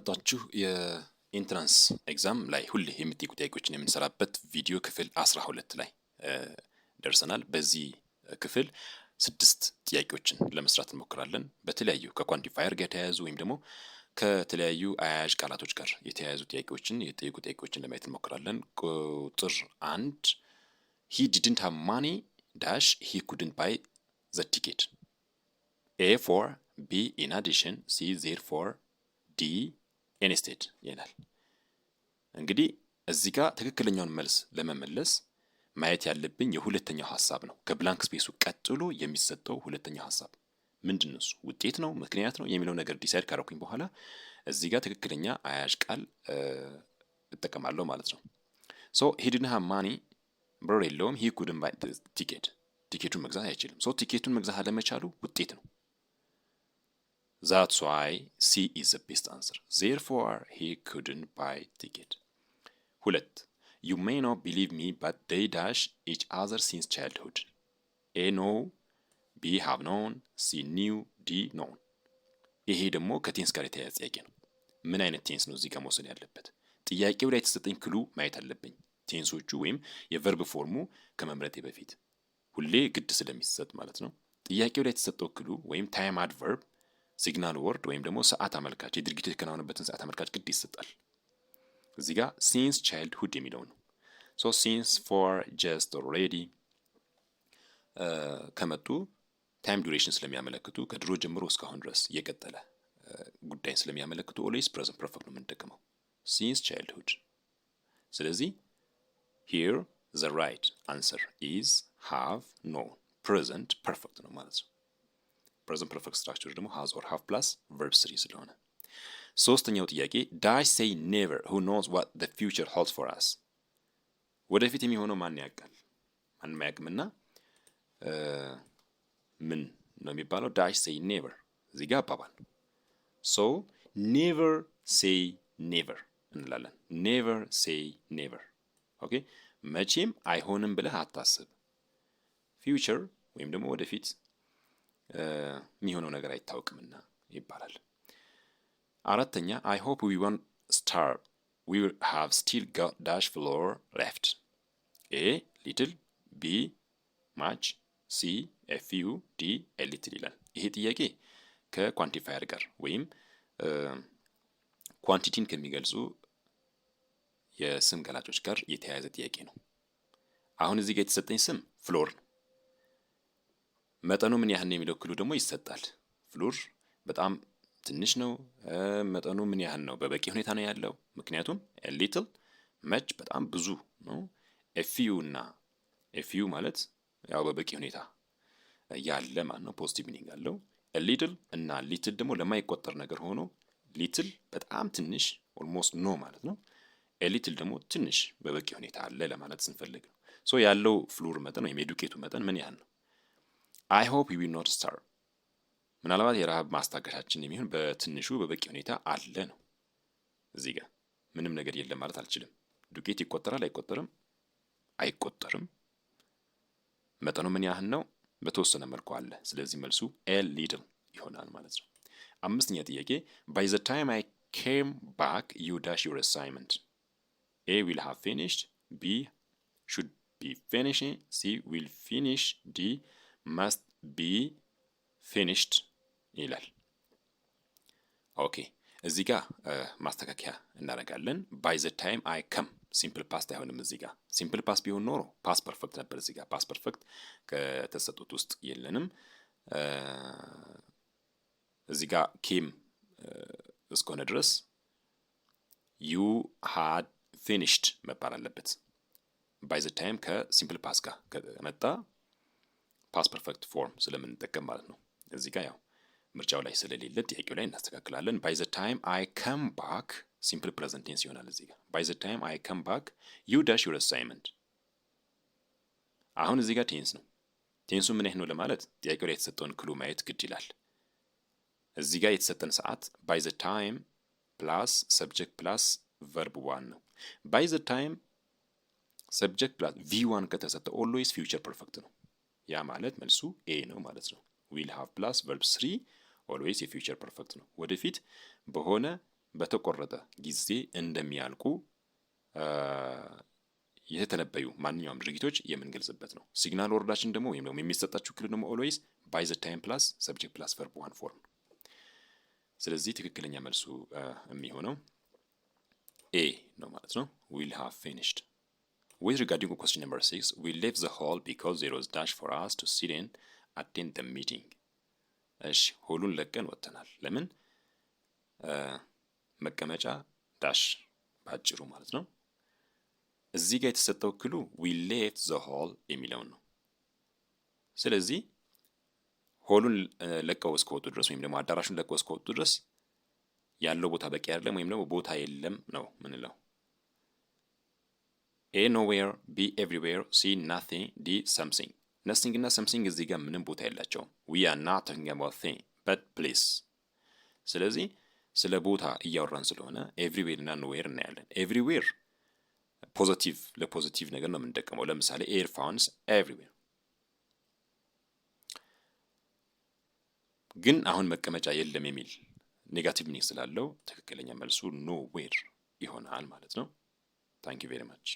መጣችሁ የኢንትራንስ ኤግዛም ላይ ሁሌ የሚጠይቁ ጥያቄዎችን የምንሰራበት ቪዲዮ ክፍል አስራ ሁለት ላይ ደርሰናል። በዚህ ክፍል ስድስት ጥያቄዎችን ለመስራት እንሞክራለን። በተለያዩ ከኳንቲፋየር ጋር የተያያዙ ወይም ደግሞ ከተለያዩ አያያዥ ቃላቶች ጋር የተያያዙ ጥያቄዎችን የጠየቁ ጥያቄዎችን ለማየት እንሞክራለን። ቁጥር አንድ ሂ ዲድንት ሃቭ ማኒ ዳሽ ሂ ኩድንት ባይ ዘ ቲኬት ኤ ፎር ቢ ኢን አዲሽን ሲ ዜር ፎር ዲ ኤንስቴድ ይላል። እንግዲህ እዚህ ጋር ትክክለኛውን መልስ ለመመለስ ማየት ያለብኝ የሁለተኛው ሀሳብ ነው። ከብላንክ ስፔሱ ቀጥሎ የሚሰጠው ሁለተኛው ሀሳብ ምንድን ነው? ውጤት ነው ምክንያት ነው የሚለው ነገር ዲሳይድ ካረኩኝ በኋላ እዚህ ጋር ትክክለኛ አያዥ ቃል እጠቀማለሁ ማለት ነው። ሶ ሂ ማኒ ብር የለውም። ሂ ኩድን ባይ ቲኬት ቲኬቱን መግዛት አይችልም። ሶ ቲኬቱን መግዛት አለመቻሉ ውጤት ነው። That's why C is the best answer. Therefore, he couldn't buy ticket. Hulet, You may not believe me, but they dash each other since childhood. A know, B have known, C knew, D known. ይሄ ደግሞ ከቴንስ ጋር የተያያዘ ጥያቄ ነው። ምን አይነት ቴንስ ነው እዚህ ጋር መውሰድ ያለበት? ጥያቄው ላይ የተሰጠኝ ክሉ ማየት አለብኝ። ቴንሶቹ ወይም የቨርብ ፎርሙ ከመምረጤ በፊት ሁሌ ግድ ስለሚሰጥ ማለት ነው። ጥያቄው ላይ የተሰጠው ክሉ ወይም ታይም አድቨርብ ሲግናል ወርድ ወይም ደግሞ ሰዓት አመልካች የድርጊት የተከናወነበትን ሰዓት አመልካች ግድ ይሰጣል። እዚህ ጋር ሲንስ ቻይልድ ሁድ የሚለው ነው። ሶ ሲንስ ፎር ጀስት ኦልሬዲ ከመጡ ታይም ዱሬሽን ስለሚያመለክቱ ከድሮ ጀምሮ እስካሁን ድረስ የቀጠለ ጉዳይን ስለሚያመለክቱ ኦልዌይስ ፕሬዘንት ፐርፌክት ነው የምንጠቀመው ሲንስ ቻይልድ ሁድ። ስለዚህ ሂር ዘ ራይት አንሰር ኢዝ ሃቭ ኖ ፕሬዘንት ፐርፌክት ነው ማለት ነው። ፕሬዘንት ፐርፌክት ስትራክቸር ደግሞ ሃዝ ኦር ሃቭ ፕላስ ቨርብ ስሪ ስለሆነ ሶስተኛው ጥያቄ ዳሽ ሴይ ኔቨር ሁ ኖዝ ዋት ዘ ፊውቸር ሆልድ ፎር አስ ወደፊት የሚሆነው ማን ያውቃል? ማንም አያውቅምና ምን ነው የሚባለው? ዳሽ ሴይ ኔቨር እዚህ ጋር አባባል ሶ ኔቨር ሴይ ኔቨር እንላለን። ኔቨር ሴይ ኔቨር። ኦኬ መቼም አይሆንም ብለህ አታስብ። ፊውቸር ወይም ደግሞ ወደፊት የሚሆነው ነገር አይታወቅምና ይባላል። አራተኛ አይ ሆፕ ዊ ወን ስታር ዊ ሃቭ ስቲል ጋት ዳሽ ፍሎር ሌፍት ኤ ሊትል ቢ ማች ሲ ኤፍ ዩ ዲ ኤሊትል ይላል። ይሄ ጥያቄ ከኳንቲፋየር ጋር ወይም ኳንቲቲን ከሚገልጹ የስም ገላጮች ጋር የተያያዘ ጥያቄ ነው። አሁን እዚህ ጋር የተሰጠኝ ስም ፍሎር ነው። መጠኑ ምን ያህል ነው የሚለው ክሉ ደግሞ ይሰጣል። ፍሉር በጣም ትንሽ ነው፣ መጠኑ ምን ያህል ነው በበቂ ሁኔታ ነው ያለው። ምክንያቱም ሊትል መች በጣም ብዙ ነው። ኤፍዩ እና ኤፍዩ ማለት ያው በበቂ ሁኔታ ያለ ማለት ነው። ፖዚቲቭ ሚኒንግ አለው። ሊትል እና ሊትል ደግሞ ለማይቆጠር ነገር ሆኖ ሊትል በጣም ትንሽ ኦልሞስት ኖ ማለት ነው። ኤሊትል ደግሞ ትንሽ በበቂ ሁኔታ አለ ለማለት ስንፈልግ ነው። ሶ ያለው ፍሉር መጠን ወይም የዱቄቱ መጠን ምን ያህል ነው? አይ ሆፕ ዊ ዊል ኖት ስታር ምናልባት የረሃብ ማስታገሻችን የሚሆን በትንሹ በበቂ ሁኔታ አለ ነው። እዚህ ጋር ምንም ነገር የለም ማለት አልችልም። ዱቄት ይቆጠራል አይቆጠርም? አይቆጠርም። መጠኑ ምን ያህል ነው? በተወሰነ መልኩ አለ። ስለዚህ መልሱ ኤ ሊድል ይሆናል ማለት ነው። አምስተኛ ጥያቄ ባይ ዘ ታይም አይ ኬም ባክ ዩ ዳሽ ዩር አሳይመንት ኤ ዊል ሃቭ ፊኒሽድ ቢ ሹድ ቢ ፊኒሽ፣ ሲ ዊል ፊኒሽ ዲ ማስት ቢ ፊኒሽድ ይላል። ኦኬ እዚህ ጋር ማስተካከያ እናደርጋለን። ባይ ዘ ታይም አይ ከም ሲምፕል ፓስት አይሆንም። እዚህ ጋር ሲምፕል ፓስት ቢሆን ኖሮ ፓስ ፐርፌክት ነበር። እዚህ ጋር ፓስ ፐርፌክት ከተሰጡት ውስጥ የለንም። እዚህ ጋር ኬም እስከሆነ ድረስ ዩ ሃድ ፊኒሽድ መባል አለበት። ባይ ዘ ታይም ከሲምፕል ፓስ ጋር ከመጣ ፓስ ፐርፌክት ፎርም ስለምንጠቀም ማለት ነው። እዚህ ጋር ያው ምርጫው ላይ ስለሌለ ጥያቄው ላይ እናስተካክላለን። ባይ ዘ ታይም አይ ከም ባክ ሲምፕል ፕሬዘንት ቴንስ ይሆናል። እዚህ ጋር ባይ ዘ ታይም አይ ከም ባክ ዩ ዳሽ ዩር አሳይመንት። አሁን እዚህ ጋር ቴንስ ነው። ቴንሱ ምን ያህል ነው ለማለት ጥያቄው ላይ የተሰጠውን ክሉ ማየት ግድ ይላል። እዚህ ጋር የተሰጠን ሰዓት ባይ ዘ ታይም ፕላስ ሰብጀክት ፕላስ ቨርብ ዋን ነው። ባይ ዘ ታይም ሰብጀክት ፕላስ ቪ ዋን ከተሰጠ ኦልዌይስ ፊውቸር ፐርፌክት ነው። ያ ማለት መልሱ ኤ ነው ማለት ነው። ዊል ሃቭ ፕላስ ቨርብ ስሪ ኦልዌይስ የፊውቸር ፐርፌክት ነው። ወደፊት በሆነ በተቆረጠ ጊዜ እንደሚያልቁ የተተነበዩ ማንኛውም ድርጊቶች የምንገልጽበት ነው። ሲግናል ወርዳችን ደግሞ ወይም ደግሞ የሚሰጣችሁ ክልል ደግሞ ኦልዌይስ ባይ ዘ ታይም ፕላስ ሰብጀክት ፕላስ ቨርብ ዋን ፎርም። ስለዚህ ትክክለኛ መልሱ የሚሆነው ኤ ነው ማለት ነው። ዊል ሃቭ ፊኒሽድ With to question number six, we left the hall because there was dash for us to sit in attend the meeting. እሺ ሆሉን ለቀን ወጥተናል። ለምን መቀመጫ ዳሽ ባጭሩ ማለት ነው። እዚህ ጋር የተሰጠው ክሉ we left the hall የሚለውን ነው። ስለዚህ ሆሉን ለቀው እስከወጡ ድረስ ወይም ደግሞ አዳራሹን ለቀው እስከወጡ ድረስ ያለው ቦታ በቂ አይደለም ወይም ደግሞ ቦታ የለም ነው ምንለው። ኤ ኖዌር፣ ቢ ኤቭሪዌር፣ ሲ ናቲንግ፣ ዲ ሰምሲንግ። ነስቲንግ እና ሰምሲንግ እዚህ ጋር ምንም ቦታ የላቸውም። ዊ አር ናት ታኪንግ አባውት ቲንግ በት ፕሌስ። ስለዚህ ስለ ቦታ እያወራን ስለሆነ ኤቭሪዌር እና ኖዌር እናያለን። ኤቭሪዌር ፖዘቲቭ ለፖዘቲቭ ነገር ነው የምንጠቀመው። ለምሳሌ ኤር ፋውንስ ኤቭሪዌር። ግን አሁን መቀመጫ የለም የሚል ኔጋቲቭ ሚኒንግ ስላለው ትክክለኛ መልሱ ኖዌር ይሆናል ማለት ነው። ታንክ ዩ ቬሪ ማች